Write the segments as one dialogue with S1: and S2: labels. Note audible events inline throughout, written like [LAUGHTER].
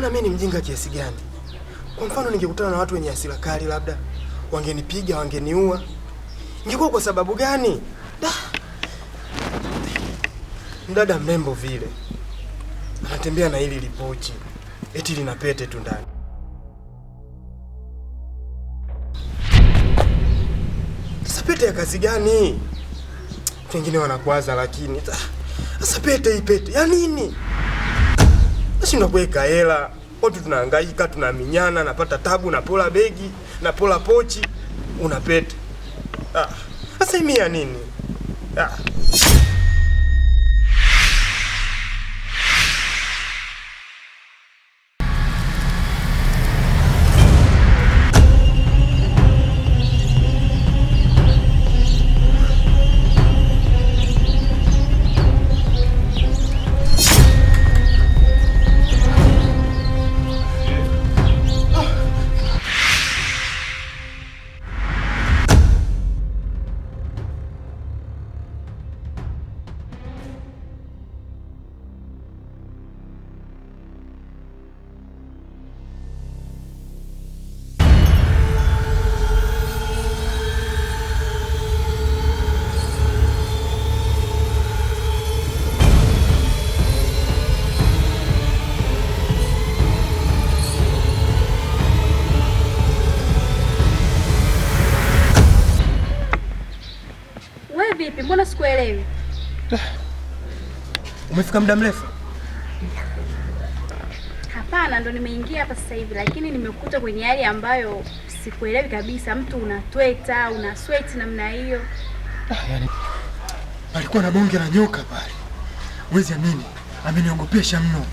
S1: maana mimi ni mjinga kiasi gani? Kwa mfano ningekutana na watu wenye hasira kali, labda wangenipiga, wangeniua, ingekuwa kwa sababu gani? Da, mdada mrembo vile anatembea na hili lipochi, eti lina pete tu ndani. Sasa pete ya kazi gani? Wengine wanakwaza, lakini sasa pete, hii pete ya nini? Basi unakuweka hela, watu tunahangaika, tunaminyana, napata tabu, napola begi, napola pochi, unapeta. Ah, sasa nini? Ah. Umefika muda mrefu?
S2: Hapana, ndo nimeingia hapa sasa hivi, lakini nimekuta kwenye hali ambayo sikuelewi kabisa. Mtu unatweta una sweat namna hiyo. Ah, yani
S1: palikuwa na bonge la nyoka pale, wezi amini, ameniogopesha mno.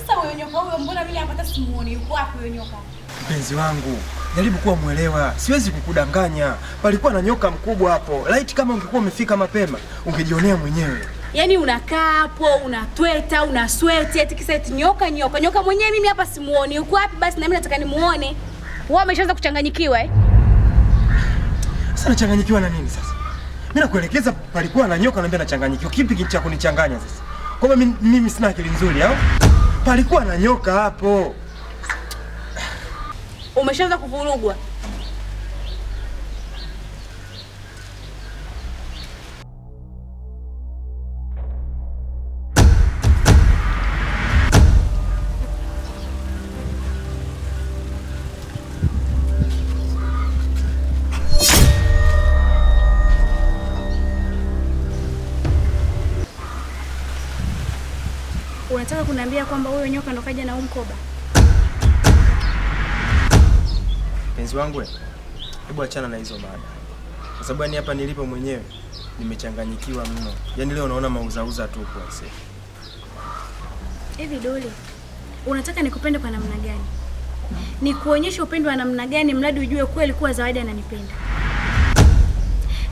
S2: Sasa huyo nyoka huyo, mbona vile hapa simuoni? Yuko wapi huyo nyoka?
S1: Mpenzi wangu Jaribu kuwa mwelewa, siwezi kukudanganya. Palikuwa na nyoka mkubwa hapo. Laiti kama ungekuwa umefika mapema, ungejionea mwenyewe.
S2: Yaani unakaa hapo unatweta, unasweti eti kisa nyoka nyoka. Nyoka mwenyewe mimi hapa simuoni. Uko wapi basi na mimi nataka nimuone. Wewe umeshaanza kuchanganyikiwa eh?
S1: Sasa nachanganyikiwa na nini sasa? Mimi nakuelekeza palikuwa na nyoka naambia nachanganyikiwa. Kipi cha kunichanganya sasa? Kwa mimi mimi sina akili nzuri au? Palikuwa na nyoka hapo
S2: umeshaanza kuvurugwa. Unataka kuniambia kwamba huyo nyoka ndo kaja na huu mkoba?
S1: Mpenzi wangu, hebu achana na hizo mada, kwa sababu yani hapa nilipo mwenyewe nimechanganyikiwa mno. yani leo unaona mauzauza tu kwa sasa.
S2: Hivi Doli, unataka nikupende kwa namna gani? Nikuonyeshe upendo wa namna gani mradi ujue kweli kuwa Zawadi ananipenda.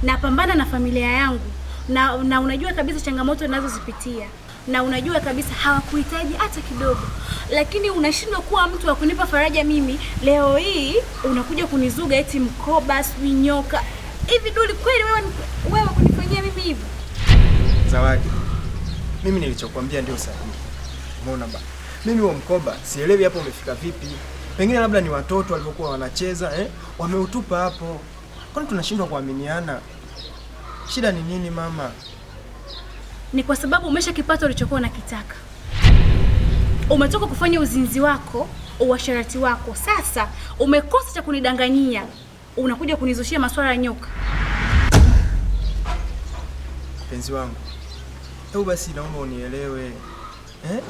S2: Napambana na familia yangu na, na unajua kabisa changamoto ninazozipitia na unajua kabisa hawakuhitaji hata kidogo, lakini unashindwa kuwa mtu wa kunipa faraja mimi. Leo hii unakuja kunizuga eti mkoba, sijui nyoka. Hivi Duli, kweli wewe wewe kunifanyia mimi hivi?
S1: Zawadi, mimi nilichokuambia ndio sahihi. Umeona ba, mimi huo mkoba sielewi hapo umefika vipi. Pengine labda ni watoto walivyokuwa wanacheza eh? Wameutupa hapo. Kwani tunashindwa kuaminiana? Shida ni nini mama?
S2: ni kwa sababu umesha umeshakipata ulichokuwa unakitaka. Umetoka kufanya uzinzi wako, uasharati wako, sasa umekosa cha kunidanganyia, unakuja kunizushia maswala ya nyoka.
S1: Mpenzi wangu, hebu basi naomba unielewe eh?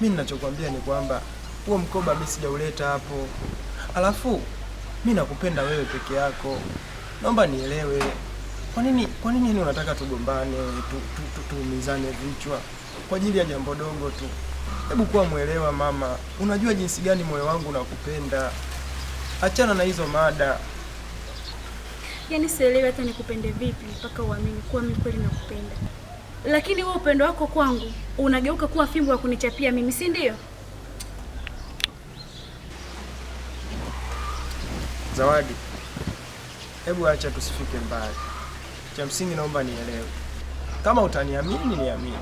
S1: Mimi ninachokwambia ni kwamba huo mkoba mimi sijauleta hapo, alafu mi nakupenda wewe peke yako, naomba nielewe. Kwa nini kwa nini yani unataka tugombane tuumizane tu, tu, tu, vichwa kwa ajili ya jambo dogo tu? Hebu kuwa mwelewa mama, unajua jinsi gani moyo wangu unakupenda. Achana na hizo mada.
S2: Yaani sielewi hata nikupende vipi mpaka uamini kuwa mimi kweli nakupenda. Lakini wewe upendo wako kwangu unageuka kuwa fimbo ya kunichapia mimi, si ndio?
S1: Zawadi, hebu acha tusifike mbali cha msingi naomba nielewe. Kama utaniamini niamini,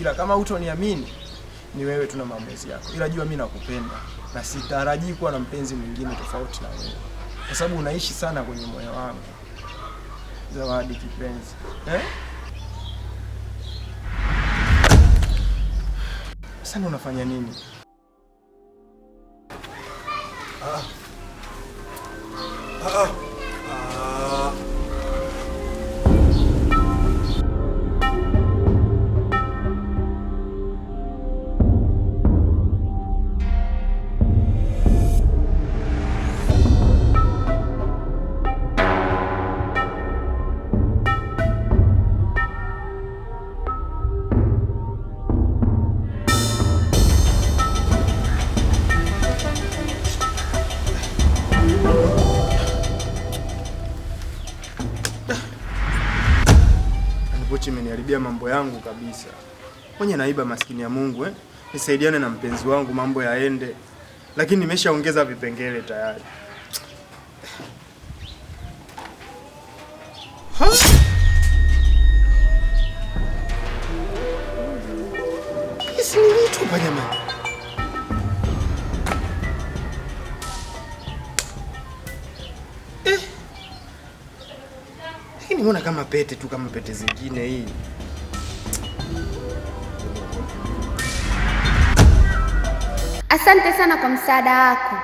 S1: ila kama utoniamini ni wewe, tuna maamuzi yako, ila jua mimi nakupenda na sitarajii kuwa na mpenzi mwingine tofauti na wewe, kwa sababu unaishi sana kwenye moyo wangu. Zawadi kipenzi, eh? Sasa unafanya nini? Ah. Ah. imeniharibia mambo yangu kabisa. Mwenye naiba maskini ya Mungu eh? Nisaidiane na mpenzi wangu mambo yaende, lakini nimeshaongeza vipengele tayari. Mbona kama pete tu kama pete zingine hii?
S2: Asante sana kwa msaada wako.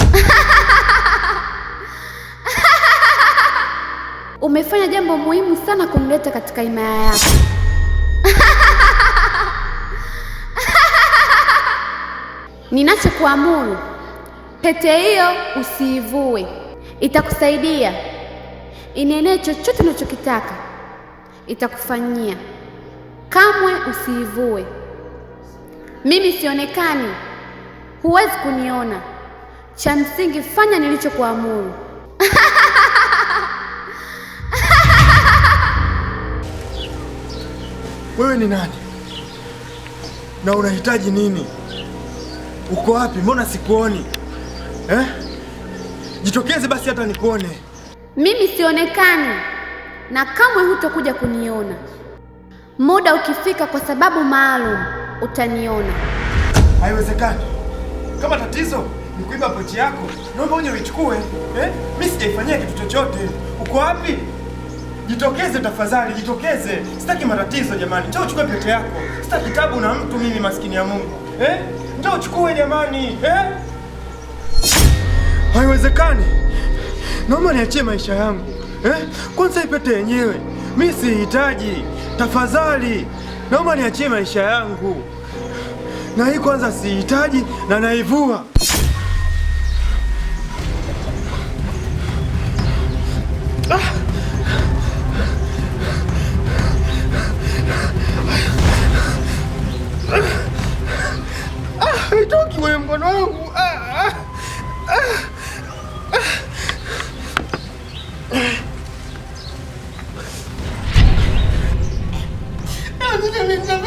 S2: [LAUGHS] Umefanya jambo muhimu sana kumleta katika himaya yako. [LAUGHS] Ninachokuamuru, pete hiyo usiivue, itakusaidia Inenee chochote unachokitaka, itakufanyia. Kamwe usiivue. Mimi sionekani, huwezi kuniona. Cha msingi fanya nilichokuamuru.
S1: [LAUGHS] Wewe ni nani na unahitaji nini? Uko wapi? Mbona sikuoni eh? Jitokeze basi hata nikuone.
S2: Mimi sionekani na kamwe hutokuja kuniona. Muda ukifika kwa sababu maalum utaniona.
S1: Haiwezekani. Kama tatizo ni kuiba pochi yako, naomba uje uichukue. Eh? Mimi sijaifanyia kitu chochote. Uko wapi? Jitokeze tafadhali, jitokeze. Sitaki matatizo jamani. Njoo uchukue pete yako. Sitaki tabu na mtu mimi, maskini ya Mungu. Eh? Njoo uchukue jamani. Eh? Haiwezekani naomba niachie maisha yangu eh? Kwanza ipete yenyewe mi sihitaji, tafadhali naomba niachie maisha yangu, na hii kwanza sihitaji na naivua. கொடுத்து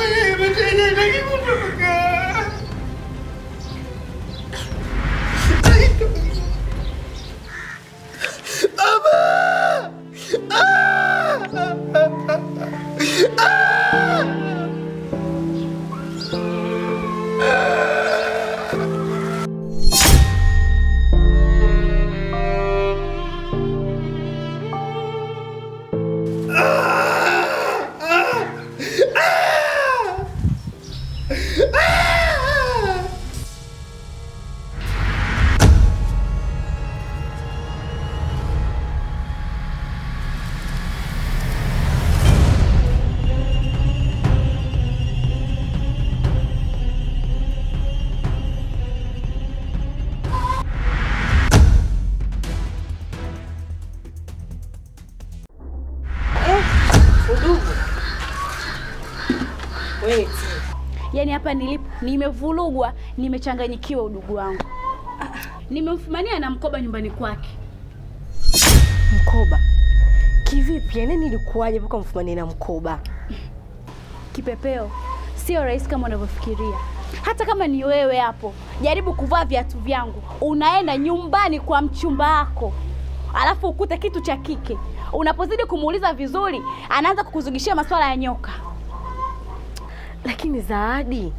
S2: hapa nilipo nimevurugwa, nimechanganyikiwa udugu wangu. Nimemfumania na mkoba nyumbani kwake.
S3: Mkoba kivipi? Yani nilikuwaje mpaka mfumanie na mkoba?
S2: Kipepeo, sio rahisi kama unavyofikiria. Hata kama ni wewe hapo, jaribu kuvaa viatu vyangu, unaenda nyumbani kwa mchumba wako, alafu ukute kitu cha kike. Unapozidi kumuuliza vizuri, anaanza kukuzugishia masuala ya nyoka.
S3: Lakini Zawadi,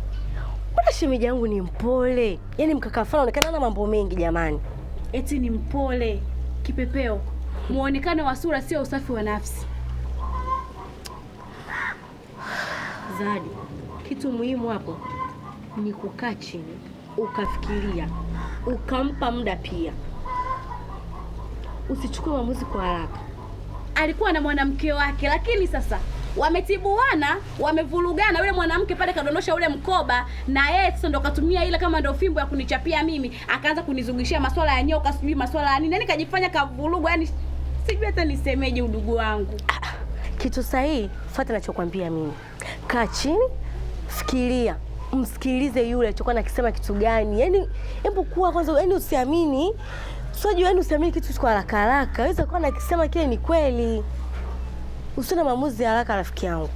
S3: mbona shemeji yangu ni mpole? Yaani mkaka fulani anaonekana na mambo mengi jamani.
S2: Eti ni mpole kipepeo, muonekano wa sura sio usafi wa nafsi.
S3: Zawadi, kitu muhimu hapo ni kukaa chini ukafikiria, ukampa muda pia, usichukue maamuzi kwa haraka.
S2: Alikuwa na mwanamke wake, lakini sasa wametibuana, wamevurugana, yule mwanamke pale kadondosha ule mkoba, na yeye sasa ndo katumia ile kama ndo fimbo ya kunichapia mimi, akaanza kunizungishia masuala ya nyoka, sijui masuala ya nini, yani kajifanya kavurugwa, yani sijui hata nisemeje udugu wangu.
S3: Kitu sahihi, fuata nachokwambia mimi, kaa chini, fikiria msikilize yule alichokuwa nakisema kitu gani. Yani hebu kuwa kwanza, yani usiamini sio juu, yani usiamini kitu kwa haraka haraka, weza kuwa nakisema kile ni kweli. Usiwe maamuzi haraka, rafiki yangu.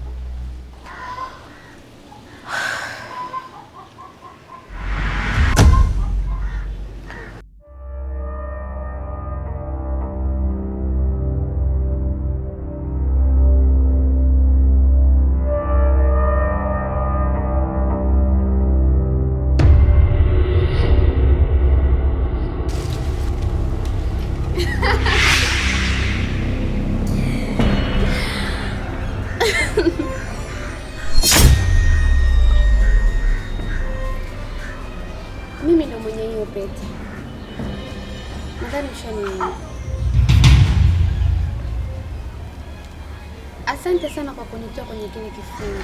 S2: kuja kwenye kile kifungo,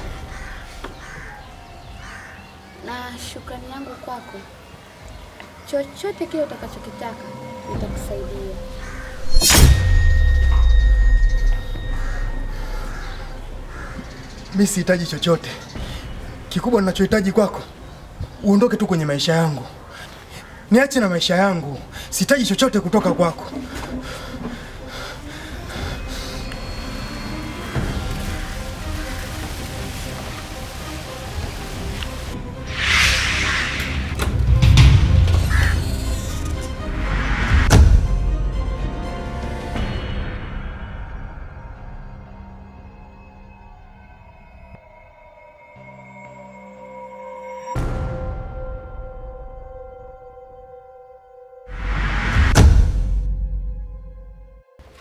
S2: na shukrani yangu kwako, chochote kile utakachokitaka nitakusaidia.
S1: Mimi sihitaji chochote kikubwa, ninachohitaji kwako uondoke tu kwenye maisha yangu, niache na maisha yangu. Sihitaji chochote kutoka kwako.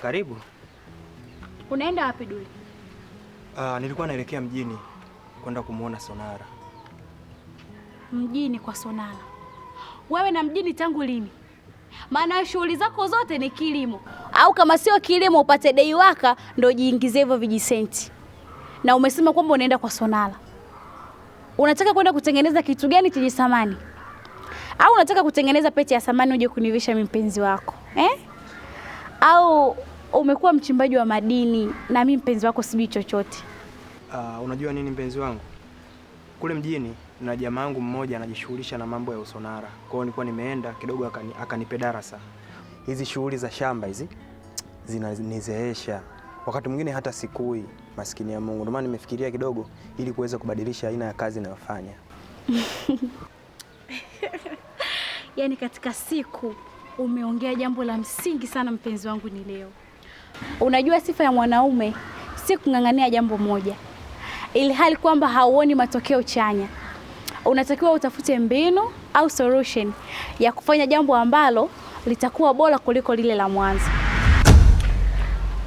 S1: Karibu.
S2: Unaenda wapi Duli?
S1: Uh, nilikuwa naelekea mjini kwenda kumwona Sonara.
S2: Mjini kwa Sonara? Wewe na mjini tangu lini? Maana shughuli zako zote ni kilimo, au kama sio kilimo upate deiwaka ndio jiingizie hivyo vijisenti. Na umesema kwamba unaenda kwa Sonara, unataka kwenda kutengeneza kitu gani chenye samani? Au unataka kutengeneza pete ya samani uje kunivisha mpenzi wako eh? au umekuwa mchimbaji wa madini na mi mpenzi wako sijui chochote.
S1: Uh, unajua nini mpenzi wangu, kule mjini na jamaa yangu mmoja anajishughulisha na mambo ya usonara. Kwa hiyo nilikuwa nimeenda kidogo, akani, akanipe darasa. Hizi shughuli za shamba hizi zinanizeesha wakati mwingine hata sikui, maskini ya Mungu. Ndio maana nimefikiria kidogo, ili kuweza kubadilisha aina ya kazi ninayofanya.
S2: [LAUGHS] Yaani katika siku umeongea jambo la msingi sana mpenzi wangu, ni leo Unajua, sifa ya mwanaume si kung'ang'ania jambo moja, ili hali kwamba hauoni matokeo chanya. Unatakiwa utafute mbinu au solution ya kufanya jambo ambalo litakuwa bora kuliko lile la mwanzo.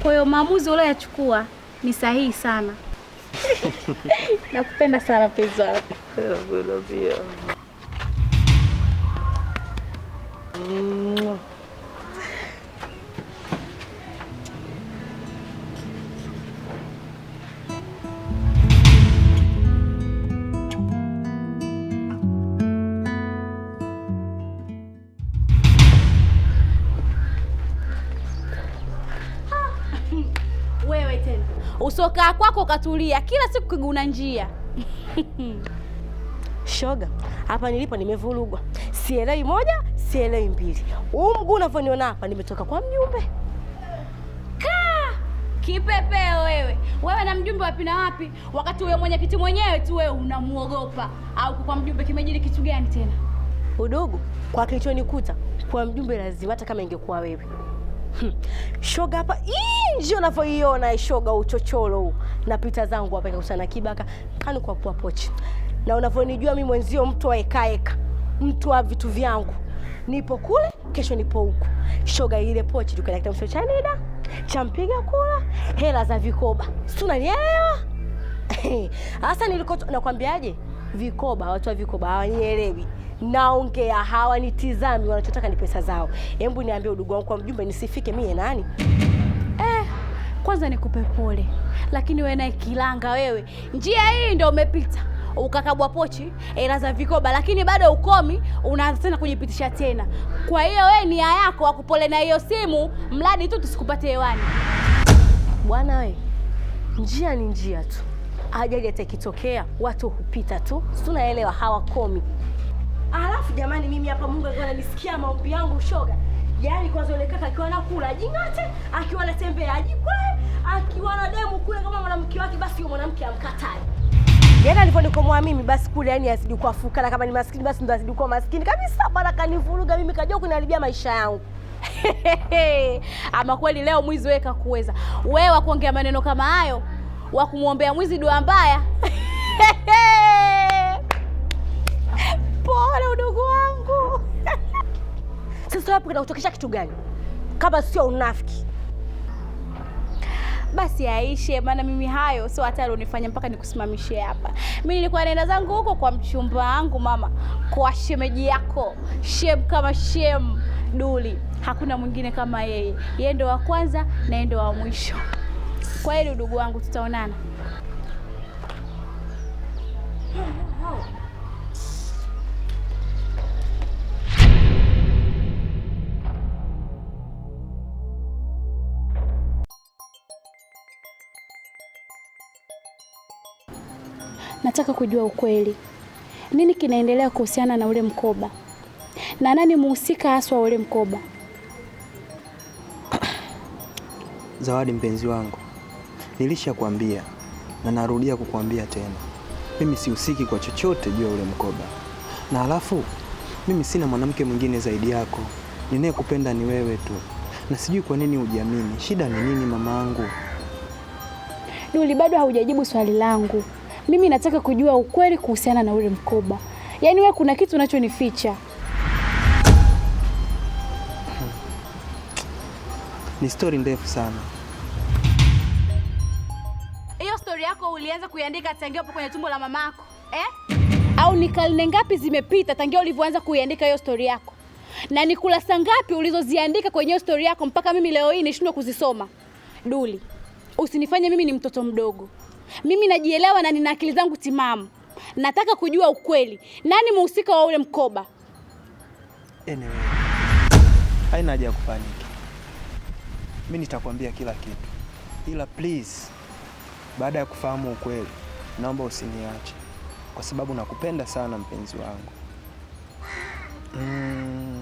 S2: Kwa hiyo maamuzi ulioyachukua ni sahihi sana. [LAUGHS] Nakupenda sana penzi wako. usokaa kwako ukatulia, kila siku kiguna njia [LAUGHS]
S3: Shoga, hapa nilipo nimevurugwa, sielewi moja, sielewi mbili. Huu mguu unavyoniona hapa, nimetoka kwa mjumbe.
S2: Kaa kipepeo wewe, wewe na mjumbe wapi na wapi, wakati huyo mwenyekiti mwenyewe tu wewe unamuogopa? Au kwa mjumbe kimejili kitu gani tena?
S3: Udugu kwa kilichonikuta kwa mjumbe, lazima hata kama ingekuwa wewe. Hmm. Shoga hapa Jinsi unavyoiona ishoga uchochoro huu, napita zangu hapa kusana kibaka kanu kwa pua pochi, na unavyonijua mimi mwenzio, mtu wa eka eka, mtu wa vitu vyangu, nipo kule, kesho nipo huku. Shoga ile pochi tukenda kitamsho cha Chanida champiga kula hela za vikoba, si unanielewa? [LAUGHS] Hasa niliko nakwambiaje, vikoba, watu wa vikoba hawanielewi naongea hawanitizami, wanachotaka ni pesa zao. Hebu niambie udugu wangu kwa mjumbe, nisifike mie nani
S2: kwanza nikupe pole, lakini wewe naye kilanga wewe, njia hii ndio umepita ukakabwa pochi hela za vikoba, lakini bado ukomi, unaanza tena kujipitisha tena. Kwa hiyo wewe nia yako akupole na hiyo simu, mradi tu tusikupate hewani
S3: bwana. We, njia ni njia tu, ajali hata ikitokea watu hupita tu, tunaelewa, hawakomi.
S2: Alafu jamani, mimi hapa Mungu alikuwa ananisikia maombi yangu, shoga. Yaani kwanza ile kaka akiwa nakula jingate, akiwa anatembea jikwa akiwa na demu kule kama mwanamke wake, basi huyo mwanamke amkatae.
S3: yani alivyonikomoa mimi basi kule, yani azidi kuwa fuka, na kama ni maskini basi ndo azidi kuwa maskini kabisa. Bwana kanivuruga mimi, kajua kuniharibia maisha yangu. [LAUGHS]
S2: Ama kweli leo mwizi wewe kakuweza wewe, wa maneno kama hayo, wa kumwombea mwizi dua mbaya. [LAUGHS] Pole udogo wangu.
S3: [LAUGHS] Sasa hapo kinakutokesha kitu gani kama sio unafiki?
S2: basi aishe maana mimi hayo sio hata alionifanya mpaka nikusimamishe hapa. Mimi nilikuwa naenda zangu huko kwa mchumba wangu, mama, kwa shemeji yako, shem kama shem Duli, hakuna mwingine kama yeye. Yeye ndo wa kwanza na yeye ndo wa mwisho. Kwa hiyo, ndugu wangu, tutaonana. nataka kujua ukweli, nini kinaendelea kuhusiana na ule mkoba na nani muhusika haswa wa ule mkoba?
S1: Zawadi mpenzi wangu, nilishakwambia na narudia kukuambia tena, mimi sihusiki kwa chochote juu ya ule mkoba, na alafu mimi sina mwanamke mwingine zaidi yako, ninayekupenda ni wewe tu, na sijui kwa nini hujiamini. Shida ni nini mamaangu?
S2: Duli, bado haujajibu swali langu. Mimi nataka kujua ukweli kuhusiana na ule mkoba. Yaani wewe kuna kitu unachonificha.
S1: Ni stori ndefu sana.
S2: Hiyo stori yako ulianza kuiandika tangia hapo kwenye tumbo la mamako eh? Au ni karne ngapi zimepita tangia ulivyoanza kuiandika hiyo stori yako, na ni kurasa ngapi ulizoziandika kwenye hiyo stori yako mpaka mimi leo hii nishindwa kuzisoma? Duli, usinifanye mimi ni mtoto mdogo. Mimi najielewa na nina akili zangu timamu. Nataka kujua ukweli, nani mhusika wa ule mkoba?
S1: Anyway, haina haja ya kupaniki, mi nitakwambia kila kitu, ila please, baada ya kufahamu ukweli, naomba usiniache, kwa sababu nakupenda sana mpenzi wangu mm.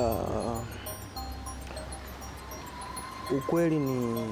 S2: Uh, ukweli ni